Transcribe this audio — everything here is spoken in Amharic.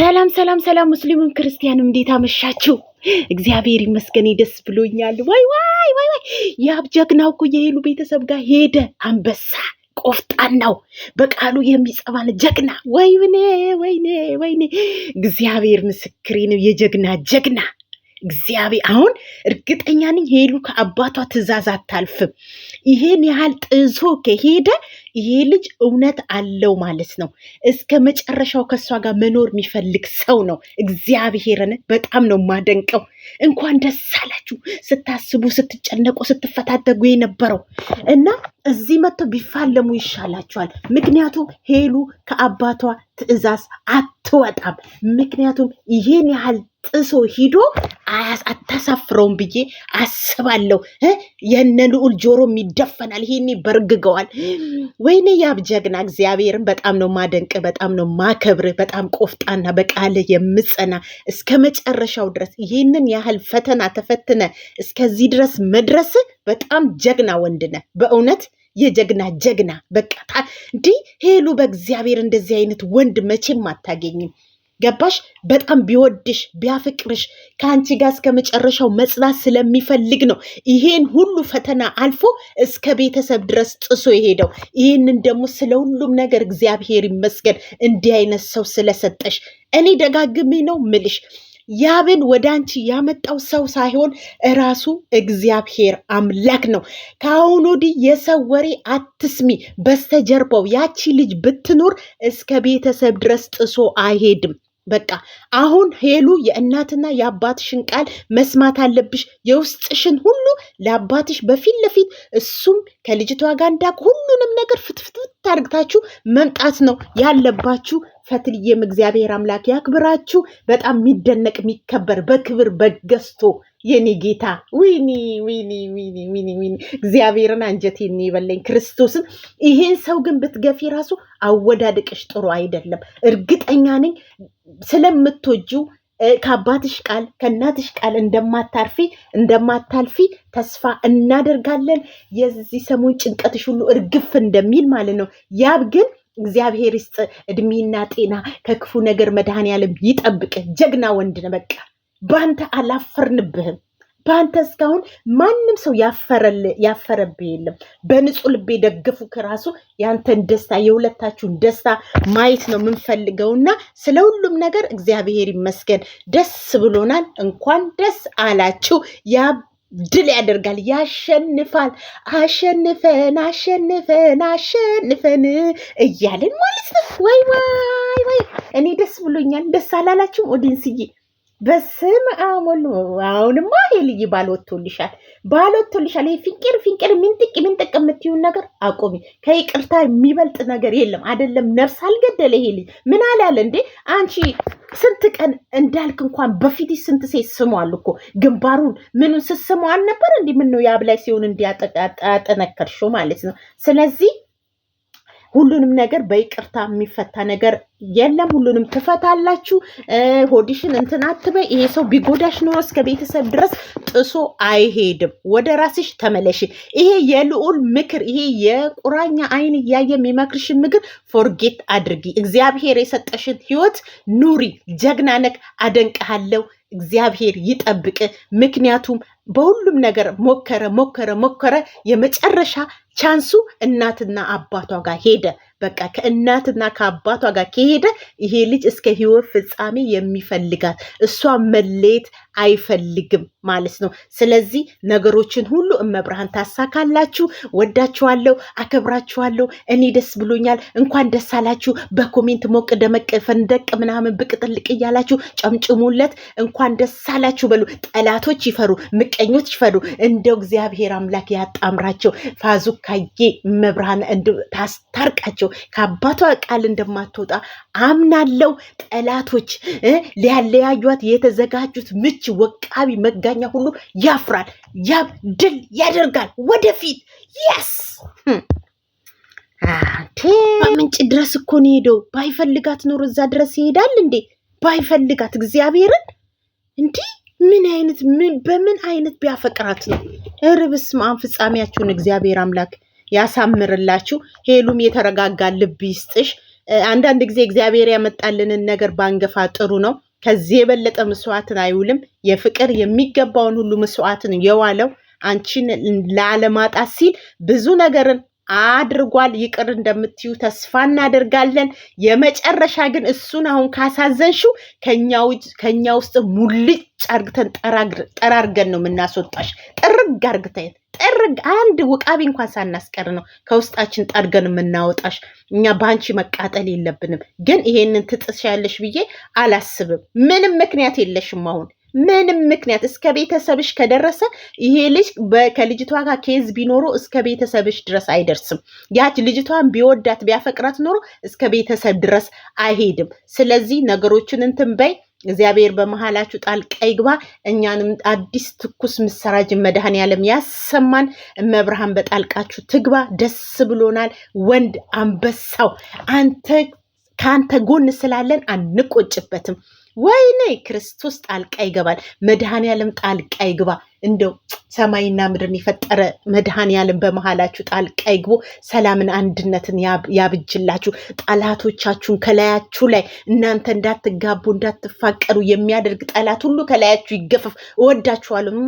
ሰላም ሰላም ሰላም፣ ሙስሊሙም ክርስቲያንም እንዴት አመሻችሁ? እግዚአብሔር ይመስገን ደስ ብሎኛል። ወይ ወይ ወይ ወይ የአብ ጀግናው እኮ የሄሉ ቤተሰብ ጋር ሄደ። አንበሳ ቆፍጣን ነው በቃሉ የሚጸባን ጀግና። ወይኔ ወይኔ ወይኔ፣ እግዚአብሔር ምስክሬ ነው። የጀግና ጀግና እግዚአብሔር አሁን እርግጠኛ ነኝ ሄሉ ከአባቷ ትእዛዝ አታልፍም። ይሄን ያህል ጥዞ ከሄደ ይሄ ልጅ እውነት አለው ማለት ነው። እስከ መጨረሻው ከእሷ ጋር መኖር የሚፈልግ ሰው ነው። እግዚአብሔርን በጣም ነው የማደንቀው። እንኳን ደስ አላችሁ። ስታስቡ፣ ስትጨነቁ፣ ስትፈታደጉ የነበረው እና እዚህ መጥተው ቢፋለሙ ይሻላቸዋል። ምክንያቱም ሄሉ ከአባቷ ትዕዛዝ አትወጣም። ምክንያቱም ይሄን ያህል ጥሶ ሂዶ አታሳፍረውም ብዬ አስባለሁ። የነ ልዑል ጆሮ ይደፈናል። ይሄኔ በርግገዋል። ወይኔ ያብ ጀግና፣ እግዚአብሔርን በጣም ነው ማደንቅ፣ በጣም ነው ማከብር። በጣም ቆፍጣና፣ በቃለ የምጸና እስከ መጨረሻው ድረስ ይህንን ያህል ፈተና ተፈትነ እስከዚህ ድረስ መድረስ በጣም ጀግና ወንድነ በእውነት የጀግና ጀግና በቃ እንዲህ ሄሉ፣ በእግዚአብሔር እንደዚህ አይነት ወንድ መቼም አታገኝም። ገባሽ? በጣም ቢወድሽ ቢያፍቅርሽ ከአንቺ ጋር እስከ መጨረሻው መጽናት ስለሚፈልግ ነው ይሄን ሁሉ ፈተና አልፎ እስከ ቤተሰብ ድረስ ጥሶ የሄደው። ይህንን ደግሞ ስለ ሁሉም ነገር እግዚአብሔር ይመስገን እንዲህ አይነት ሰው ስለሰጠሽ። እኔ ደጋግሜ ነው ምልሽ ያብን ወደ አንቺ ያመጣው ሰው ሳይሆን እራሱ እግዚአብሔር አምላክ ነው። ከአሁን ወዲህ የሰው ወሬ አትስሚ። በስተጀርባው ያቺ ልጅ ብትኖር እስከ ቤተሰብ ድረስ ጥሶ አይሄድም። በቃ አሁን ሄሉ የእናትና የአባትሽን ቃል መስማት አለብሽ። የውስጥሽን ሁሉ ለአባትሽ በፊት ለፊት እሱም ከልጅቷ ጋር እንዳቅ ሁሉንም ነገር ፍትፍትፍት አድርግታችሁ መምጣት ነው ያለባችሁ። ፈትልዬም እግዚአብሔር አምላክ ያክብራችሁ። በጣም የሚደነቅ የሚከበር በክብር በገዝቶ የኔ ጌታ ዊኒ ዊኒ ዊኒ ዊኒ ዊኒ እግዚአብሔርን አንጀቴን ይበለኝ ክርስቶስን። ይሄን ሰው ግን ብትገፊ ራሱ አወዳደቅሽ ጥሩ አይደለም። እርግጠኛ ነኝ ስለምትወጁ ከአባትሽ ቃል ከእናትሽ ቃል እንደማታርፊ እንደማታልፊ ተስፋ እናደርጋለን። የዚህ ሰሞን ጭንቀትሽ ሁሉ እርግፍ እንደሚል ማለት ነው ያብ ግን እግዚአብሔር ይስጥ እድሜና ጤና ከክፉ ነገር ያለም ይጠብቅ ጀግና ወንድ ነህ። በቃ በአንተ አላፈርንብህም። በአንተ እስካሁን ማንም ሰው ያፈረብህ የለም። በንጹህ ልቤ ደገፉ ከራሱ የአንተን ደስታ የሁለታችሁን ደስታ ማየት ነው የምንፈልገውና ስለ ሁሉም ነገር እግዚአብሔር ይመስገን። ደስ ብሎናል። እንኳን ደስ አላችሁ። ድል ያደርጋል፣ ያሸንፋል። አሸንፈን አሸንፈን አሸንፈን እያለን ማለት ነው። ወይ ወይ ወይ! እኔ ደስ ብሎኛል። ደስ አላላችሁም ኦዲንስዬ? በስም አሞሉ። አሁንማ ሄልይ ባልወቶልሻል፣ ባልወቶልሻል። ይሄ ፊንቅር ፊንቅር ሚንጥቅ ሚንጥቅ የምትዩን ነገር አቆሚ። ከይቅርታ የሚበልጥ ነገር የለም። አይደለም ነፍስ አልገደለ ይሄ ልጅ ምን አለ አላለ እንዴ አንቺ ስንት ቀን እንዳልክ እንኳን በፊት ስንት ሴት ስሟል እኮ ግንባሩን ምኑን ስስሙ አልነበር? እንዲ ምን ነው የአብ ላይ ሲሆን እንዲያጠነከርሽው ማለት ነው። ስለዚህ ሁሉንም ነገር በይቅርታ የሚፈታ ነገር የለም። ሁሉንም ትፈታላችሁ። ሆዲሽን እንትን አትበይ። ይሄ ሰው ቢጎዳሽ ኖሮ እስከ ቤተሰብ ድረስ ጥሶ አይሄድም። ወደ ራስሽ ተመለሽ። ይሄ የልዑል ምክር፣ ይሄ የቁራኛ አይን እያየ የሚመክርሽን ምክር ፎርጌት አድርጊ። እግዚአብሔር የሰጠሽን ህይወት ኑሪ። ነክ አደንቅሃለሁ። እግዚአብሔር ይጠብቅ። ምክንያቱም በሁሉም ነገር ሞከረ ሞከረ ሞከረ። የመጨረሻ ቻንሱ እናትና አባቷ ጋር ሄደ። በቃ ከእናትና ከአባቷ ጋር ከሄደ ይሄ ልጅ እስከ ሕይወት ፍጻሜ የሚፈልጋት እሷ መለየት አይፈልግም ማለት ነው። ስለዚህ ነገሮችን ሁሉ እመብርሃን ታሳካላችሁ። ወዳችኋለሁ፣ አከብራችኋለሁ። እኔ ደስ ብሎኛል። እንኳን ደስ አላችሁ። በኮሜንት ሞቅ ደመቅ ፈንደቅ ምናምን ብቅ ጥልቅ እያላችሁ ጨምጭሙለት። እንኳን ደስ አላችሁ በሉ። ጠላቶች ይፈሩ ምቅ ምቀኞች ፈዱ። እንደው እግዚአብሔር አምላክ ያጣምራቸው። ፋዙካዬ መብርሃን ታስታርቃቸው። ከአባቷ ቃል እንደማትወጣ አምናለው። ጠላቶች ሊያለያዩት የተዘጋጁት ምች ወቃቢ መጋኛ ሁሉ ያፍራል። ያብ ድል ያደርጋል። ወደፊት የስ ምንጭ ድረስ እኮ ነው ሄደው። ባይፈልጋት ኖሮ እዛ ድረስ ይሄዳል እንዴ? ባይፈልጋት እግዚአብሔርን እንዲህ ምን አይነት ምን በምን አይነት ቢያፈቅራት ነው? እርብስ ማን ፍጻሜያችሁን እግዚአብሔር አምላክ ያሳምርላችሁ። ሄሉም የተረጋጋ ልብ ይስጥሽ። አንዳንድ ጊዜ እግዚአብሔር ያመጣልንን ነገር ባንገፋ ጥሩ ነው። ከዚህ የበለጠ መስዋዕትን አይውልም። የፍቅር የሚገባውን ሁሉ መስዋዕትን የዋለው አንቺን ላለማጣት ሲል ብዙ ነገርን አድርጓል። ይቅር እንደምትዩ ተስፋ እናደርጋለን። የመጨረሻ ግን እሱን አሁን ካሳዘንሹ ከኛ ውስጥ ሙልጭ አርግተን ጠራርገን ነው የምናስወጣሽ። ጥርግ አርግተን ጥርግ አንድ ውቃቢ እንኳን ሳናስቀር ነው ከውስጣችን ጠርገን የምናወጣሽ። እኛ በአንቺ መቃጠል የለብንም፣ ግን ይሄንን ያለሽ ብዬ አላስብም። ምንም ምክንያት የለሽም አሁን ምንም ምክንያት እስከ ቤተሰብሽ ከደረሰ ይሄ ልጅ ከልጅቷ ጋር ኬዝ ቢኖሮ እስከ ቤተሰብሽ ድረስ አይደርስም። ያች ልጅቷን ቢወዳት ቢያፈቅራት ኖሮ እስከ ቤተሰብ ድረስ አይሄድም። ስለዚህ ነገሮችን እንትን በይ። እግዚአብሔር በመሀላችሁ ጣልቃ ይግባ። እኛንም አዲስ ትኩስ ምሰራጅን መድኃኔዓለም ያሰማን። እመብርሃን በጣልቃችሁ ትግባ። ደስ ብሎናል። ወንድ አንበሳው አንተ ከአንተ ጎን ስላለን አንቆጭበትም። ወይኔ ክርስቶስ ጣልቃ ይገባል። መድኃኔዓለም ጣልቃ ይግባ። እንደው ሰማይና ምድርን የፈጠረ መድኃኔዓለም በመሃላችሁ ጣልቃ ይግቦ ሰላምን፣ አንድነትን ያብጅላችሁ። ጠላቶቻችሁን ከላያችሁ ላይ እናንተ እንዳትጋቡ እንዳትፋቀሩ የሚያደርግ ጠላት ሁሉ ከላያችሁ ይገፈፍ። እወዳችኋለሁ።